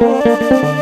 Música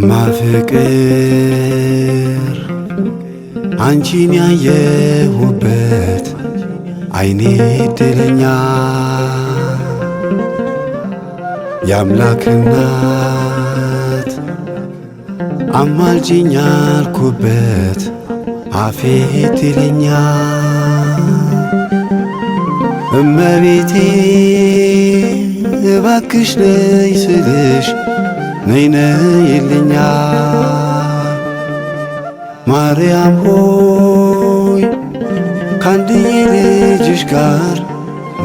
የማፍቅር አንቺን ያየሁበት አይኔ እድለኛ የአምላክናት አማልጅኝ ያልኩበት አፌ እድለኛ እመቤቴ እባክሽ ነይ ስልሽ ነይነ ይልኛ ማርያም ሆይ ከአንድዬ ልጅሽ ጋር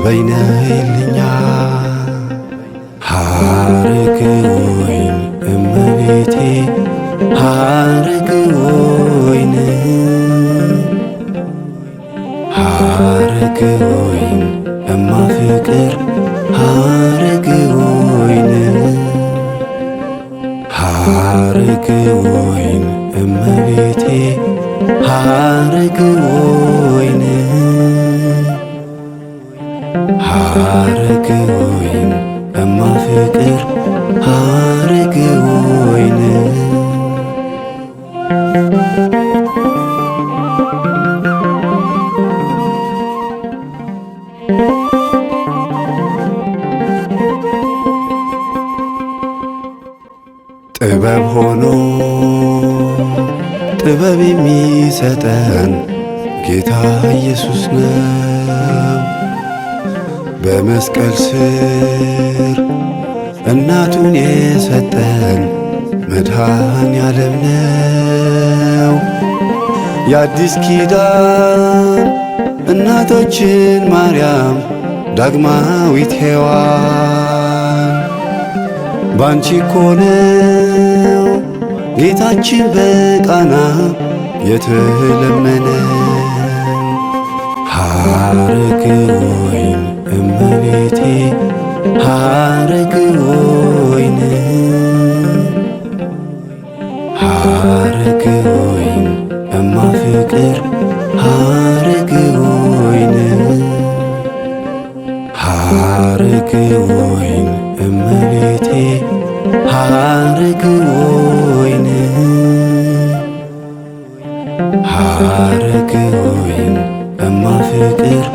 በይነ ይልኛ ሐረግ ወይን እመቤቴ ሐረግ ወይን ሐረግ ሐረግ ወይን እማ ፍቅር ሐረግ ወይን ጥበብ ሆኖ ጥበብ የሚሰጠን ጌታ ኢየሱስ ነው። በመስቀል ስር እናቱን የሰጠን መድኃኔ ዓለም ነው። የአዲስ ኪዳን እናታችን ማርያም ዳግማዊት ሔዋን ባንቺ እኮ ጌታችን በቃና የተለመነ ሐረግ ቤቴ ሐረግ ወይን ሐረግ ወይን እማ ፍቅር ሐረግ ወይን ሐረግ ወይን እመቤቴ ሐረግ ወይን ሐረግ ወይን እማ ፍቅር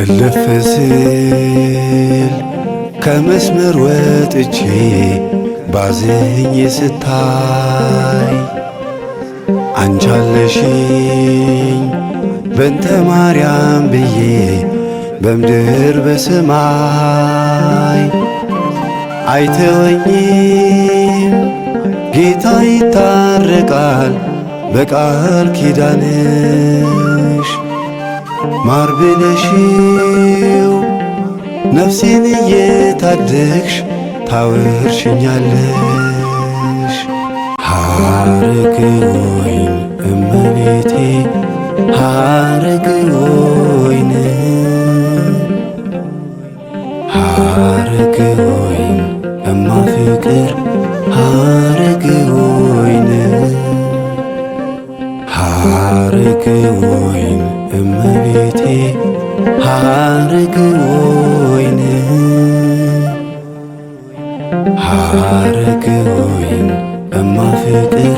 እልፍ ስል ከመስመር ወጥቼ ባዝኝ ስታይ አንቻለሽኝ በንተ ማርያም ብዬ በምድር በሰማይ አይተወኝ ጌታ ይታረቃል በቃል ኪዳንሽ ማር ብለሽው ነፍሴን እየታደግሽ ታወርሽኛለሽ። ሐረግ ወይን እመቤቴ ሐረግ ወይን ሐረግ ወይን እማ ፍቅር ሆይ እማ ፍቅር